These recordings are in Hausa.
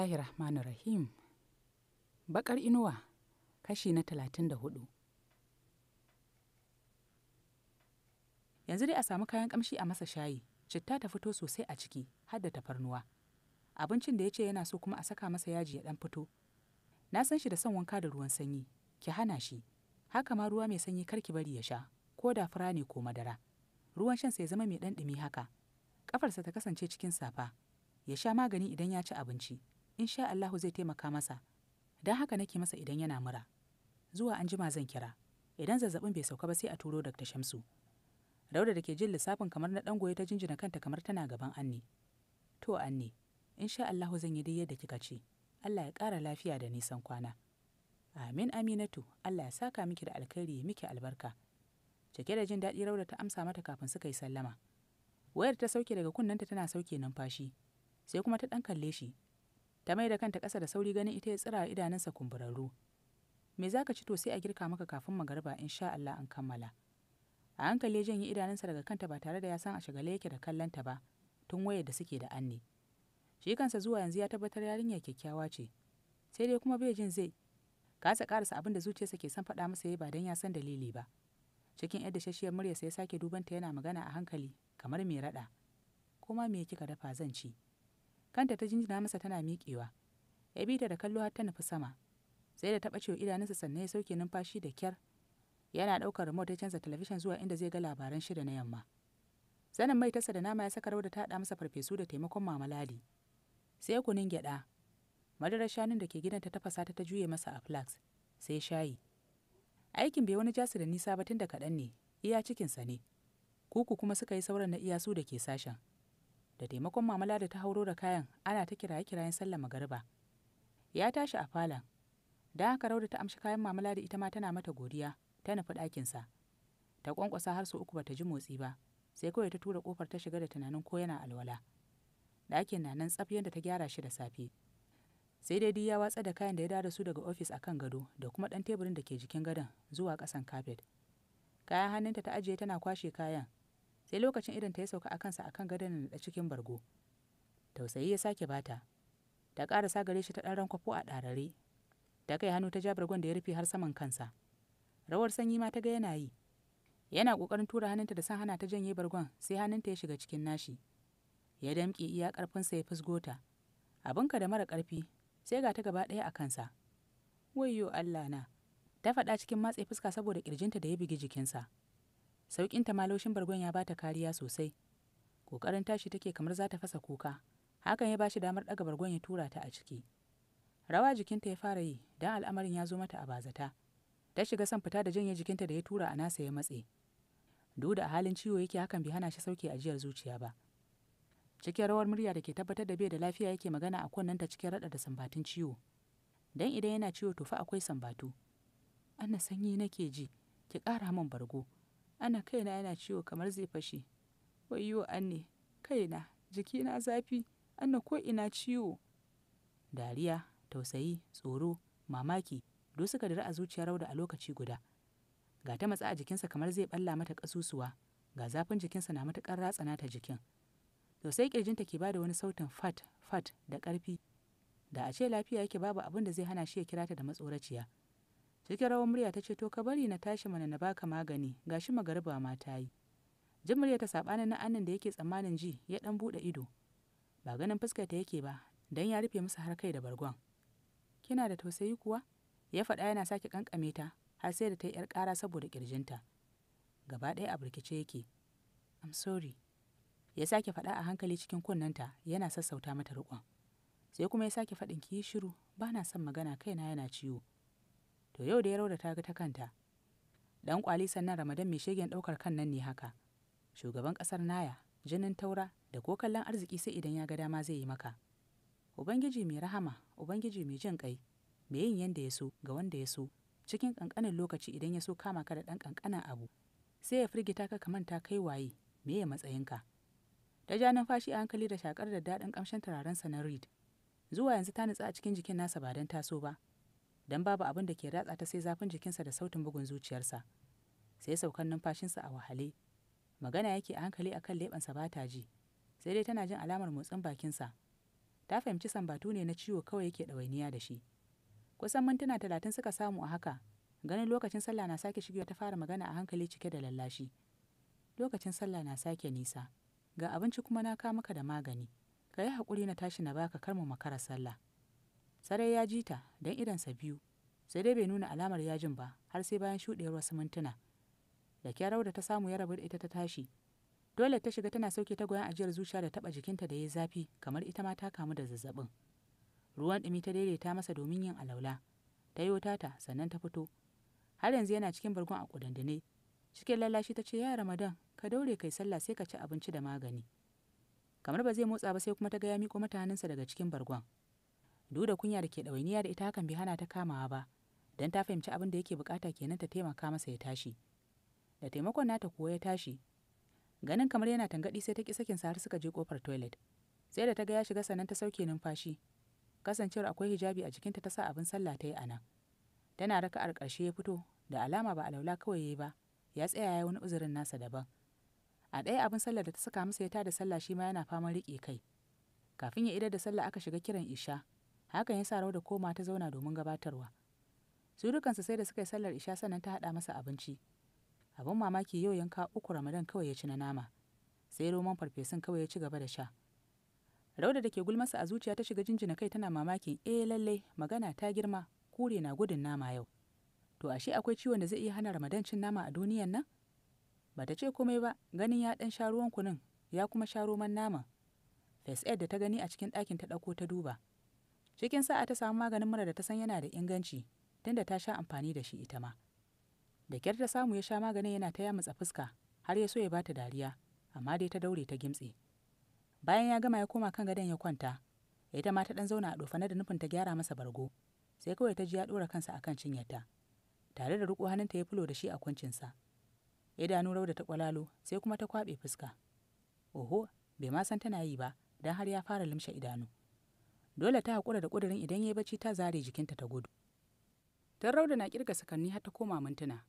bismillahir Rahmanir Rahim. Bakar inuwa kashi na talatin Yanzu dai a samu kayan kamshi a masa shayi, citta ta fito sosai a ciki, har da tafarnuwa. Abincin da ya ce yana so kuma a saka masa yaji ya dan fito. Na san shi da son wanka da ruwan sanyi, ki hana shi. Haka ma ruwa mai sanyi kar ki bari ya sha, ko da fura ne ko madara. Ruwan shan sai zama mai dan dumi haka. Kafarsa ta kasance cikin safa, ya sha magani idan ya ci abinci sha Allahu zai taimaka masa Dan haka nake masa idan yana mura zuwa an jima zan kira idan zazzabin bai sauka ba sai a turo Dr. Shamsu Dauda da ke jin lissafin kamar na dangoye ta jinjina kanta kamar tana gaban Anni to Anni sha Allahu zan yi dai yadda kika ce Allah ya ƙara lafiya da nisan kwana Amin Aminatu Allah ya saka miki da alkhairi ya miki albarka cike da jin daɗi Rauda ta amsa mata kafin suka yi sallama wayar ta sauke daga kunnanta tana sauke numfashi sai kuma ta ɗan kalle shi ta mai da kanta ƙasa da sauri ganin ita ya tsira idanunsa kumburarru me za ka ci to sai a girka maka kafin magariba in sha Allah an kammala a hankali ya janye idanunsa daga kanta ba tare da ya san a shagale yake da kallanta ba tun wayar da suke da anne shi kansa zuwa yanzu ya tabbatar yarinya kyakkyawa ce sai dai kuma bai jin zai kasa karasa abin da zuciyarsa ke son faɗa masa yayi ba dan ya san dalili ba cikin yadda shashiyar muryarsa ya sake dubanta yana magana a hankali kamar mai raɗa kuma me kika dafa zan ci kanta ta jinjina masa tana miƙewa ya bi ta da kallo har ta nufi sama sai da ta ɓacewa idanunsa sannan ya sauke numfashi da kyar yana ɗaukar remote ya canza talabishin zuwa inda zai ga labaran shida na yamma zanin mai tasa da nama ya saka rawar da ta haɗa masa farfesu da taimakon mamaladi sai kunin gyaɗa madarar shanun da ke gidan ta tafasa ta ta juye masa a flax sai shayi aikin bai wani jasu da nisa ba tun da kaɗan ne iya cikinsa ne kuku kuma suka yi sauran na iya su da ke sashen da taimakon mamala da ta hauro da kayan ana ta kiraye kirayen sallama magariba ya tashi a falon da haka rauda ta amshi kayan mamala da ita ma tana mata godiya ta nufi ɗakinsa ta ƙwanƙwasa har su uku bata ji motsi ba sai kawai ta tura kofar ta shiga da tunanin ko yana alwala ɗakin na nan tsaf yadda ta gyara shi da safe sai dai dai ya watsa da kayan da ya dada su daga ofis akan gado da kuma ɗan teburin da ke jikin gadon zuwa ƙasan kafet kayan hannunta ta ajiye tana kwashe kayan sai lokacin idan ta ya sauka a kansa kan gadon da cikin bargo tausayi ya sake bata ta ƙarasa gare shi ta ɗan rankwafo a ɗarare ta kai hannu ta ja bargon da ya rufe har saman kansa rawar sanyi ma ta ga yana yi yana ƙoƙarin tura hannunta da san hana ta janye bargon sai hannunta ya shiga cikin nashi ya damƙe iya ƙarfinsa ya fusgota abinka da mara ƙarfi sai ga ta gaba ɗaya a kansa wayyo allah na ta faɗa cikin matse fuska saboda ƙirjinta da ya bigi jikinsa sauƙinta ta malaushin bargon ya bata kariya sosai ƙoƙarin tashi take kamar za ta fasa kuka hakan ya bashi damar ɗaga bargon ya tura ta a ciki rawa jikinta ya fara yi don al'amarin ya zo mata a bazata ta shiga son fita da janye jikinta da ya tura a nasa ya matse duk da a halin ciwo yake hakan bai hana shi sauke ajiyar zuciya ba cikin rawar murya da ke tabbatar da bai da lafiya yake magana a kunnenta cikin raɗa da sambatun ciwo dan idan yana ciwo to fa akwai sambatu anna sanyi nake ji ki ƙara min bargo Ana kaina yana ciwo kamar zai fashe. Wayyo Anne, kaina, jikina zafi, ko ina ciwo. Dariya, tausayi, tsoro, mamaki, do suka dira a zuciyar Rauda a lokaci guda. Ga ta matsa a jikinsa kamar zai ɓalla mata kasusuwa ga zafin jikinsa na matuƙar ratsana ta jikin. Tausayi kirjinta ƙirjinta ke bada wani sautin fat fat da ƙarfi. Da a ce lafiya yake babu abin da zai hana shi ya kira ta da matsoraciya. Jirgin rawar murya ta ce to ka bari na tashi mana na baka magani gashi magariba ma ta yi jin murya ta sabanin na annan da yake tsammanin ji ya dan bude ido ba ganin fuskar ta yake ba dan ya rufe masa har kai da bargon kina da tausayi kuwa ya faɗa yana sake kankame ta har sai da ta yi yar ƙara saboda kirjinta gaba ɗaya a burkice yake i'm sorry ya sake faɗa a hankali cikin kunnenta yana sassauta mata riƙon sai kuma ya sake faɗin ki shiru ba na son magana kaina yana ciwo to yau da ya rauda ta ga ta kanta dan kwali sannan ramadan mai shegen daukar kan nan ne haka shugaban kasar naya jinin taura da ko kallon arziki sai idan ya ga dama zai yi maka ubangiji mai rahama ubangiji mai jin kai mai yin yanda ya so ga wanda ya so cikin kankanin lokaci idan ya so kama ka da dan kankanin abu sai ya firgita ka kaman ta kai waye me ya ka? ta ja numfashi a hankali da shakar da daɗin ƙamshin turaren sa na reed zuwa yanzu ta nutsa a cikin jikin nasa ba don taso ba don babu abin da ke ratsa ta sai zafin jikinsa da sautin bugun zuciyarsa sai saukan numfashinsa a wahale magana yake a hankali akan leɓensa ba ta ji sai dai tana jin alamar motsin bakinsa ta fahimci sambatu ne na ciwo kawai yake ɗawainiya da shi kusan mintuna talatin suka samu a haka ganin lokacin sallah na sake shigewa ta fara magana a hankali cike da lallashi lokacin sallah na sake nisa ga abinci kuma na ka da magani ka yi haƙuri na tashi na baka kar mu makara sallah Sarai ya ji ta don idonsa biyu, sai dai bai nuna alamar yajin ba har sai bayan shuɗewar wasu mintuna. Da kyarau da ta samu ya rabu da ita ta tashi. Dole ta shiga tana sauke goyon ajiyar zuciya da taɓa jikinta da ya zafi kamar ita ma ta kamu da zazzabin Ruwan ɗumi ta daidaita masa domin yin alaula. Ta yi wuta ta, sannan ta fito. Har yanzu yana cikin bargon a kudandune. Cikin lallashi ta ce ya Ramadan ka daure kai sallah sai ka ci abinci da magani. Kamar ba zai motsa ba sai kuma ta ga ya miƙo mata hannunsa daga cikin bargon. duk da kunya da ke ɗawainiya da ita hakan bai hana ta kamawa ba don ta fahimci abin da yake bukata kenan ta taimaka masa ya tashi da taimakon nata kuwa ya tashi ganin kamar yana tangaɗi sai ta ƙi sakinsa har suka je ƙofar toilet sai da ta ga ya shiga sannan ta sauke numfashi kasancewar akwai hijabi a jikinta ta sa abin sallah ta yi a nan tana raka'ar ƙarshe ya fito da alama ba a laula kawai yayi ba ya tsaya ya wani uzurin nasa daban a ɗaya abin sallah da ta saka masa ya tada sallah shi ma yana faman riƙe kai kafin ya idar da sallah aka shiga kiran isha hakan ya sa rauda koma ta zauna domin gabatarwa surukansa sai da suka yi sallar isha sannan ta haɗa masa abinci abin mamaki yau yanka uku ramadan kawai ya ci na nama sai roman farfesun kawai ya ci gaba da sha rauda da ke gulmasa a zuciya ta shiga jinjina kai tana mamakin eh lallai magana ta girma kure na gudun nama yau to ashe akwai ciwon da zai iya hana ramadan cin nama a duniyan nan ba ta ce komai ba ganin ya ɗan sha ruwan kunun ya kuma sha roman naman Fes da ta gani a cikin ɗakin ta ɗauko ta duba cikin sa'a ta samu maganin mura da ta san yana da inganci tunda ta sha amfani da shi ita ma da kyar ta samu ya sha maganin yana ta yamutsa fuska har ya so ya bata dariya amma dai ta daure ta gimtse bayan ya gama ya koma kan gadon ya kwanta ita ma ta dan zauna a dofane da nufin ta gyara masa bargo sai kawai ta ji ya dora kansa akan cinyarta tare da riko hannunta ya fulo da shi a kuncinsa idanu rauda ta kwalalo sai kuma ta kwabe fuska oho bai ma san tana yi ba don har ya fara limshe idanu dole ta haƙura da ƙudurin idan ya yi bacci ta zare jikinta ta gudu ta rauda na ƙirga sakanni har ta koma mintuna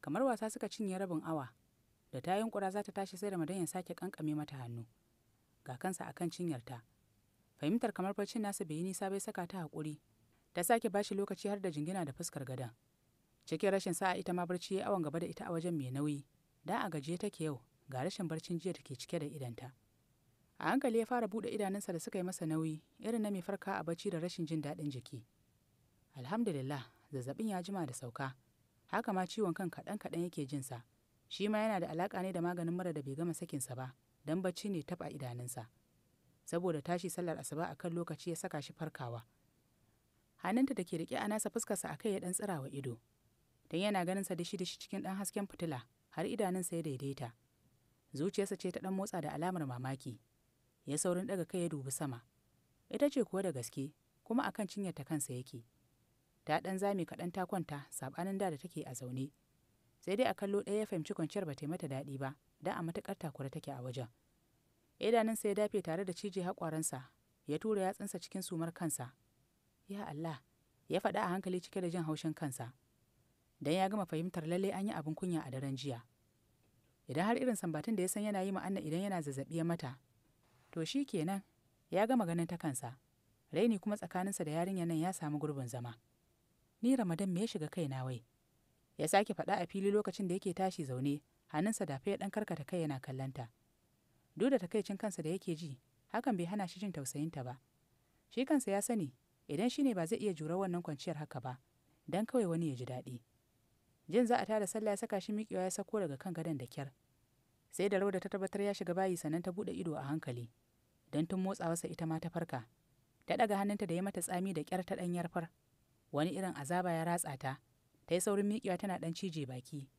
kamar wasa suka cinye rabin awa da ta yunƙura za ta tashi sai madan ya sake ƙanƙame mata hannu ga kansa a kan cinyarta fahimtar kamar barcin nasa bai yi nisa bai saka ta haƙuri ta sake bashi lokaci har da jingina da fuskar gadon. cikin rashin sa'a ita ma barci ya awon gaba da ita a wajen mai nauyi da a gajiye take yau ga rashin barcin jiya ke cike da idanta a hankali ya fara buɗe idanunsa da suka yi masa nauyi irin na mai farka a bacci da rashin jin daɗin jiki alhamdulillah zazzabin ya jima da sauka haka ma ciwon kan kaɗan kaɗan yake jinsa shi ma yana da alaƙa ne da maganin mura da bai gama sakinsa ba don bacci ne taɓa idanunsa saboda tashi sallar asuba a kan lokaci ya saka shi farkawa hannunta da ke riƙe a nasa fuskarsa a kai ya ɗan tsirawa ido don yana ganinsa dishi-dishi cikin ɗan hasken fitila har idanunsa ya daidaita zuciyarsa ce ta ɗan motsa da alamar mamaki ya saurin daga kai ya dubi sama ita ce kuwa da gaske kuma a kan cinyarta kansa yake ta ɗan zame kaɗan ta kwanta saɓanin da da take a zaune sai dai a kallo ɗaya ya fahimci kwanciyar ba ta mata daɗi ba da a matuƙar takura take a wajen idanunsa ya dafe tare da cije haƙwaransa ya tura yatsunsa cikin sumar kansa ya Allah ya faɗa a hankali cike da jin haushin kansa dan ya gama fahimtar lallai an yi abin kunya a daren jiya idan har irin sambatin da ya san yana yi ma'anna idan yana zazzabi ya mata to shi kenan ya gama ganin ta kansa raini kuma tsakaninsa da yarinyar nan ya samu gurbin zama ni ramadan me ya shiga kaina wai ya sake faɗa a fili lokacin da yake tashi zaune hannunsa da ya ɗan karkata kai yana kallanta duk da takaicin kansa da yake ji hakan bai hana shi jin tausayinta ba shi kansa ya sani idan shi ne ba zai iya jura wannan kwanciyar haka ba dan kawai wani ya ji daɗi jin za a tada sallah ya saka shi miƙewa ya sako daga kan gadon da kyar sai da rauda ta tabbatar ya shiga bayi sannan ta buɗe ido a hankali don tun motsawarsa ita ma ta farka ta ga hannunta da ya mata tsami da kyar ta ɗan yarfar wani irin azaba ya ratsa ta ta yi saurin miƙewa tana ɗan cije baki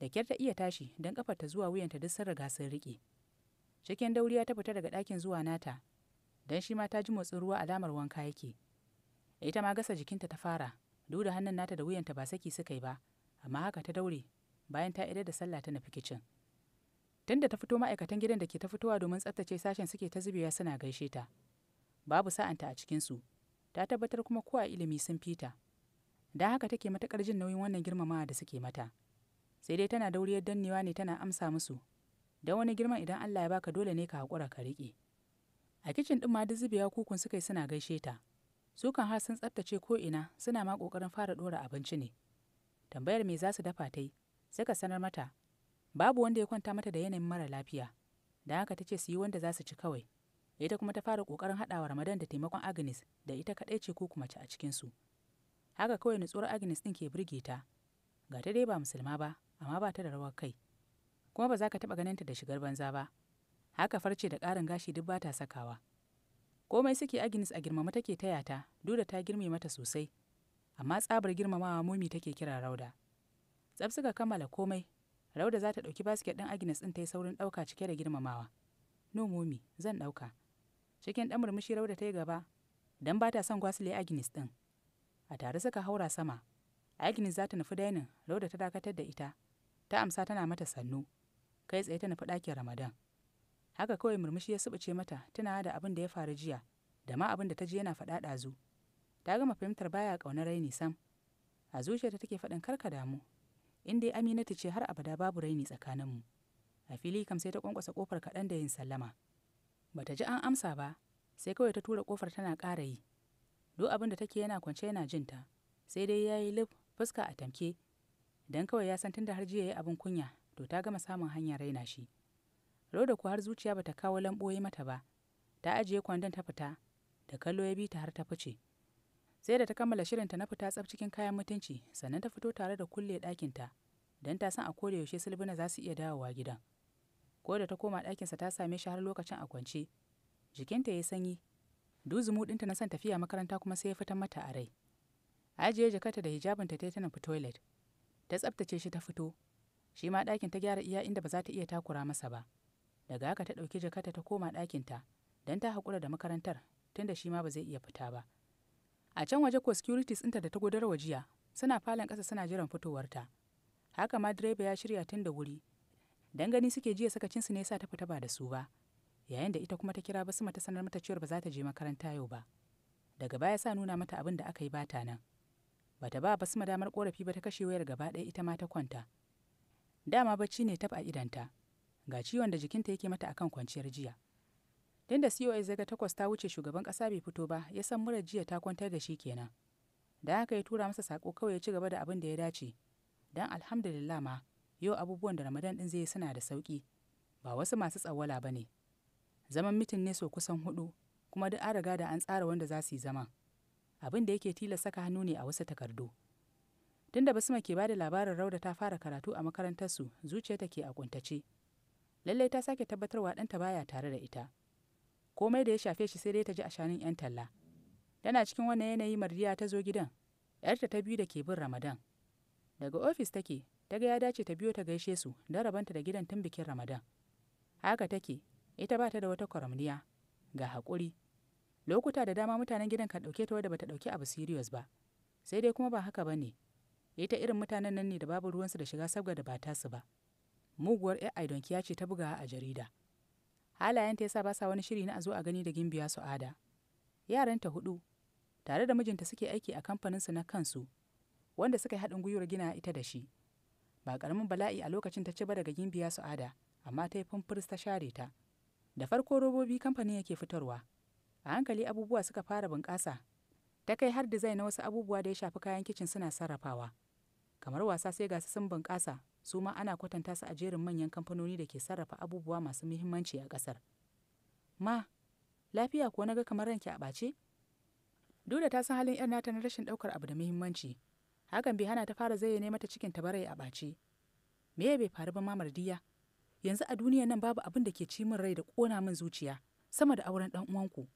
da kyar ta iya tashi don ta zuwa wuyanta duk sun riga sun riƙe cikin dauriya ta fita daga ɗakin zuwa nata don shi ma ta ji motsin ruwa alamar wanka yake ita ma gasa jikinta ta fara duk da hannun nata da wuyanta ba saki suka yi ba amma haka ta daure bayan ta idar da sallah ta nufi kicin. da ta fito ma'aikatan gidan da ke ta fitowa domin tsaftace sashen suke ta zubewa suna gaishe ta babu sa'anta a cikinsu ta tabbatar kuma ko ilimi sun fita Da haka take matuƙar jin nauyin wannan girmamawa da suke mata sai dai tana dauriyar dannewa ne tana amsa musu Da wani girman idan Allah ya baka dole ne ka haƙura ka riƙe a kicin ɗin ma duk zubewa kukun suka yi suna gaishe ta su kan har sun tsaftace ko ina suna ma ƙoƙarin fara ɗora abinci ne tambayar me za su dafa ta yi sai ka sanar mata babu wanda ya kwanta mata da yanayin mara lafiya da haka ta ce su yi wanda za su ci kawai ita kuma ta fara ƙoƙarin haɗawa ramadan da taimakon agnes da ita kaɗai ce ko kuma ci a cikinsu haka kawai nutsuwar agnes ɗin ke birge ta ga ta dai ba musulma ba amma ba ta da rawar kai kuma ba za ka taɓa ganinta da shigar banza ba haka farce da ƙarin gashi duk ba ta sakawa komai suke agnes a girmama take taya ta duk da ta girme mata sosai amma tsabar girmamawa momi take kira rauda tsab suka kammala komai Rauda za ta ɗauki basket ɗin Agnes ɗin ta yi saurin ɗauka cike da girmamawa. No mommy, zan ɗauka. Cikin ɗan murmushi Rauda ta yi gaba, Dan ba ta son gwasile Agnes ɗin. A tare suka haura sama. Agnes za ta nufi dainin, Rauda ta dakatar da ita. Ta amsa tana mata sannu. Kai tsaye ta nufi ɗakin Ramadan. Haka kawai murmushi ya subuce mata tana da abin da ya faru jiya, da ma abin da ta ji yana faɗa ɗazu. Ta gama fahimtar baya ƙaunar raini sam. A zuciyarta take faɗin karka damu, in dai aminatu ce har abada babu raini tsakaninmu a fili kam sai ta kwankwasa kofar kaɗan da yin sallama bata ji an amsa ba sai kawai ta tura kofar tana ƙara yi duk abin da take yana kwance yana jin ta sai dai ya yi lif fuska a tamke dan kawai ya san tunda har jiya ya abin kunya to ta gama samun hanyar raina shi da ku har zuciya bata kawo lamboyi mata ba ta ajiye kwandon ta fita da kallo ya bi ta har ta fice sai da ta kammala shirinta na fita tsaf cikin kayan mutunci sannan ta fito tare da kulle ɗakinta don ta san a koda yaushe silbina za su iya dawowa gidan ko da ta koma ɗakinsa ta same shi har lokacin a kwance jikinta ya sanyi duzumu ɗinta na son tafiya makaranta kuma sai ya fitan mata a rai ajiye jakarta da hijabinta ta ta fi toilet ta tsaftace shi ta fito shi ma ɗakin ta gyara iya inda ba za ta iya takura masa ba daga haka ta ɗauki jakarta ta koma ɗakinta don ta haƙura da makarantar tunda shi ma ba zai iya fita ba. a can waje ko securities ɗinta da ta gudarwa jiya suna falon ƙasa suna jiran fitowarta haka ma direba ya shirya tun da wuri dan gani suke jiya su ne sa ta fita ba da su ba yayin da ita kuma ta kira basu mata sanar mata cewa ba za ta je makaranta yau ba daga baya sa nuna mata abin da aka yi bata nan bata ba basma damar korafi ba ta kashe wayar gaba ɗaya ita ma ta kwanta dama bacci ne tab a idanta ga ciwon da jikinta yake mata akan kwanciyar jiya tunda cos e ya ga takwas ta wuce shugaban ƙasa bai fito ba ya san murar jiya ta kwantar da shi kenan da haka ya tura masa sako kawai ya ci gaba da abin da ya dace dan alhamdulillah ma yau abubuwan da ramadan din zai suna da sauki ba wasu masu tsawala ba ne zaman mitin ne so kusan hudu kuma duk an riga da an tsara wanda za su yi zaman abin da yake tilastaka saka hannu ne a wasu takardu tunda basma ke bada labarin rauda ta fara karatu a makarantarsu zuciyarta ke a kuntace lallai ta sake tabbatarwa ɗanta baya tare da ita komai da ya shafe shi sai dai ta ji a shanun 'yan talla tana cikin wannan yanayi mardiya ta zo gidan yarta ta biyu da ke bin ramadan daga ofis take ta ga ya dace ta biyo ta gaishe su don rabanta da gidan tun bikin ramadan haka take ita ba ta da wata kwaramniya ga haƙuri lokuta da dama mutanen gidan kan ɗauke ta wadda bata ɗauki abu sirius ba sai dai kuma ba haka ba ne ita irin mutanen nan ne da babu ruwansu da shiga sabga da ba su ba muguwar ai donkiya ce ta bugawa a jarida halayenta yasa ba sa wani shiri na a zo a gani da gimbiya su ada yaranta hudu tare da mijinta suke aiki a kamfanin su na kansu wanda suka yi haɗin gwiwar gina ita da shi ba ƙaramin bala'i a lokacin ta ci ba daga gimbiya su ada amma ta yi fumfuris ta share ta da farko robobi kamfanin yake fitarwa a hankali abubuwa suka fara bunƙasa ta kai har dizai na wasu abubuwa da ya shafi kayan kicin suna sarrafawa kamar wasa sai gasu sun bunƙasa su ma ana kwatanta su a jerin manyan kamfanoni da ke sarrafa abubuwa masu muhimmanci a ƙasar ma lafiya ko na ga kamar ranki a ɓace dole ta san halin 'yar nata na rashin ɗaukar abu da muhimmanci hakan bai hana ta fara zayyane mata cikin ta barai a ɓace me ya bai faru ba mamar yanzu a duniyan nan babu abin da ke ci min rai da ƙona min zuciya sama da auren ɗan uwanku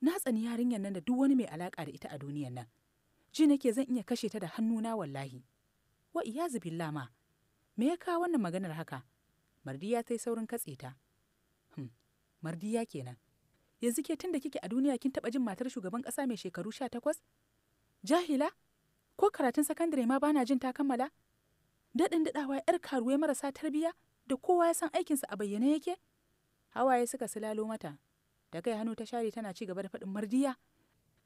na tsani yarinyar nan da duk wani mai alaƙa da ita a duniyar nan ji nake zan iya kashe ta da hannuna wallahi wa iyazu billah ma me ya kawo wannan maganar haka mardiya ta yi saurin katse ta hmm, mardiya kenan yanzu ke tun da kike a duniya kin taɓa jin matar shugaban ƙasa mai shekaru sha takwas jahila ko karatun sakandare ma bana jin ta kammala daɗin daɗawa yar karuwai marasa tarbiyya da kowa ya san aikinsa a bayyane yake hawaye suka silalo mata da kai hannu ta share tana ci gaba da faɗin mardiya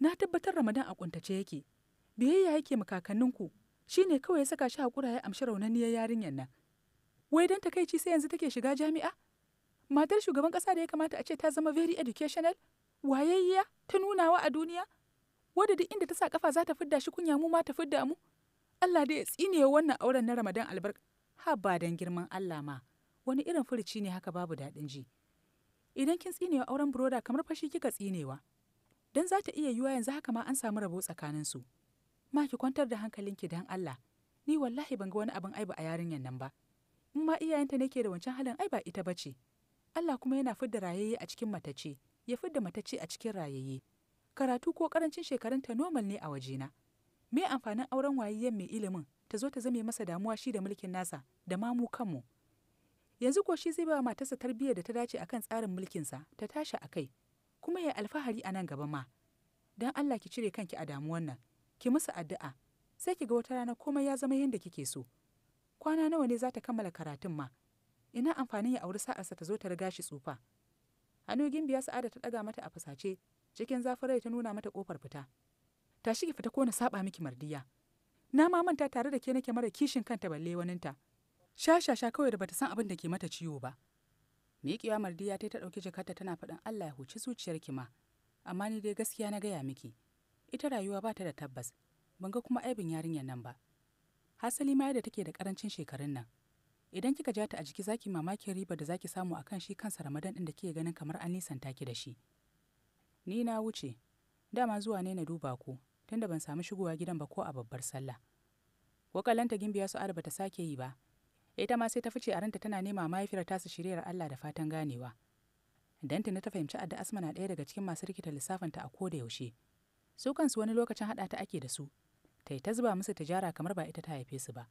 na tabbatar ramadan a ƙuntace yake biyayya yake mu kakanninku shi ne kawai ya saka shi hakura ya amshi raunaniyar yarinyar nan wai don takaici sai yanzu take shiga jami'a matar shugaban kasa da ya kamata a ce ta zama very educational wayayya ta nunawa a duniya wadda duk inda ta sa kafa za ta fidda shi kunya mu ma ta fidda mu Allah da ya tsine wannan auren na Ramadan albarka ha ba dan girman Allah ma wani irin furuci ne haka babu daɗin ji idan kin tsinewa auren broda kamar fashi kika tsinewa dan za ta iya yiwa yanzu haka ma an samu rabo tsakaninsu su ma ki kwantar da hankalinki dan Allah ni wallahi ban ga wani abin aibu a yarinyan nan ba in ma iyayenta nake da wancan halin ai ba ita bace Allah kuma yana fidda rayayye a cikin matace ya fidda matace a cikin rayayye karatu ko karancin shekarun ta normal ne a wajena me amfanin auren wayayyen mai ilimin ta zo ta zame masa damuwa shi da mulkin nasa da ma mu kanmu yanzu ko shi zai ba matarsa tarbiyyar da ta dace akan tsarin mulkinsa ta tashi a kai kuma ya alfahari a nan gaba ma don Allah ki cire kanki a damuwan nan ki musu addu'a sai ki ga wata rana komai ya zama yadda kike so kwana nawa ne za ta kammala karatun ma ina amfanin ya auri sa'arsa ta zo ta riga shi tsufa hannu gimbiya sa'ada ta ɗaga mata a fasace cikin zafin rai ta nuna mata kofar fita tashi ki fita ko na saɓa miki mardiya na ma manta tare da ke nake mara kishin kanta balle waninta shashasha kawai da bata san abin da ke mata ciwo ba miƙewa mardiya ta ta ɗauki jakarta tana faɗin allah ya huci zuciyar ki ma amma ni dai gaskiya na gaya miki ita rayuwa ba ta da tabbas ban ga kuma aibin yarinyar nan ba hasali ma yadda take da karancin shekarun nan idan kika ja ta a jiki zaki mamakin riba da zaki samu akan shi kansa ramadan din da kike ganin kamar an nisanta ki da shi ni na wuce dama zuwa ne na duba ku tunda ban samu shigowa gidan ba ko a babbar sallah wakalanta gimbiya su arba ta sake yi ba ita ma sai ta fice a ranta tana nema mahaifiyar tasu shiriyar Allah da fatan ganewa dan ta fahimci adda asma na ɗaya daga cikin masu rikita lissafinta a koda yaushe su kansu wani lokacin haɗa ta ake da su ta yi ta zuba musu tijara kamar ba ita ta haife su ba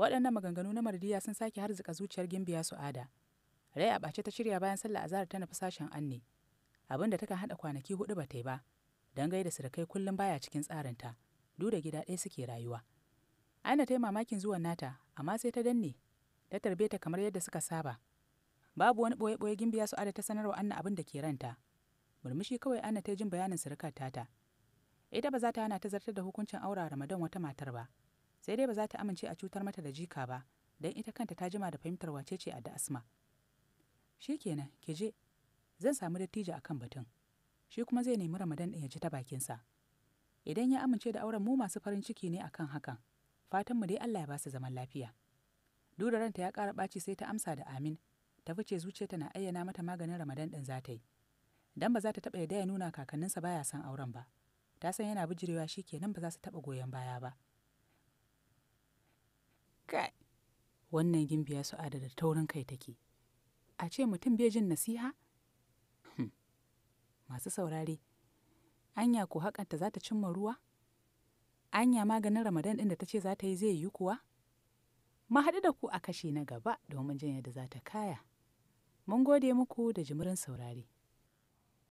waɗannan maganganu na mardiya sun sake harzika zuciyar gimbiya su ada rai a ɓace ta shirya bayan sallah azahar ta nufi sashen anne abin da takan haɗa kwanaki hudu ba ta yi ba don gaida surukai kullum baya cikin tsarinta duk da gida ɗaya suke rayuwa aina ta yi mamakin zuwan nata amma sai ta danne ta tarbe ta kamar yadda suka saba babu wani ɓoye-ɓoye gimbiya su ada ta sanarwa anna abin da ke ranta murmushi kawai anna ta jin bayanin sirikar tata ita eh, ba za ta hana ta zartar da hukuncin a ramadan wata matar ba sai dai ba za ta amince a cutar mata da jika ba don ita kanta ta jima da fahimtar wace ce da asma shi kenan, ke je zan samu dattijo a kan batun shi kuma zai nemi ramadan ɗin ya ji ta bakinsa idan ya amince da auren mu masu farin ciki ne akan hakan fatan mu dai Allah ya ba su zaman lafiya dura ranta ya ƙara ɓaci sai ta amsa da amin ta fice zuciya tana ayyana mata maganin ramadan ɗin za ta yi dan ba za ta taɓa ya ya nuna kakanninsa baya son auren ba ta san yana bijirewa shi kenan ba za su taɓa goyon baya ba kai wannan gimbiya su da taurin kai take a ce mutum bai jin nasiha masu saurare anya ko hakanta za ta cimma ruwa anya maganin ramadan ɗin da ta ce za ta yi zai yi kuwa mu haɗu da ku a kashe na gaba domin jin da za ta kaya mun gode muku da jimirin saurare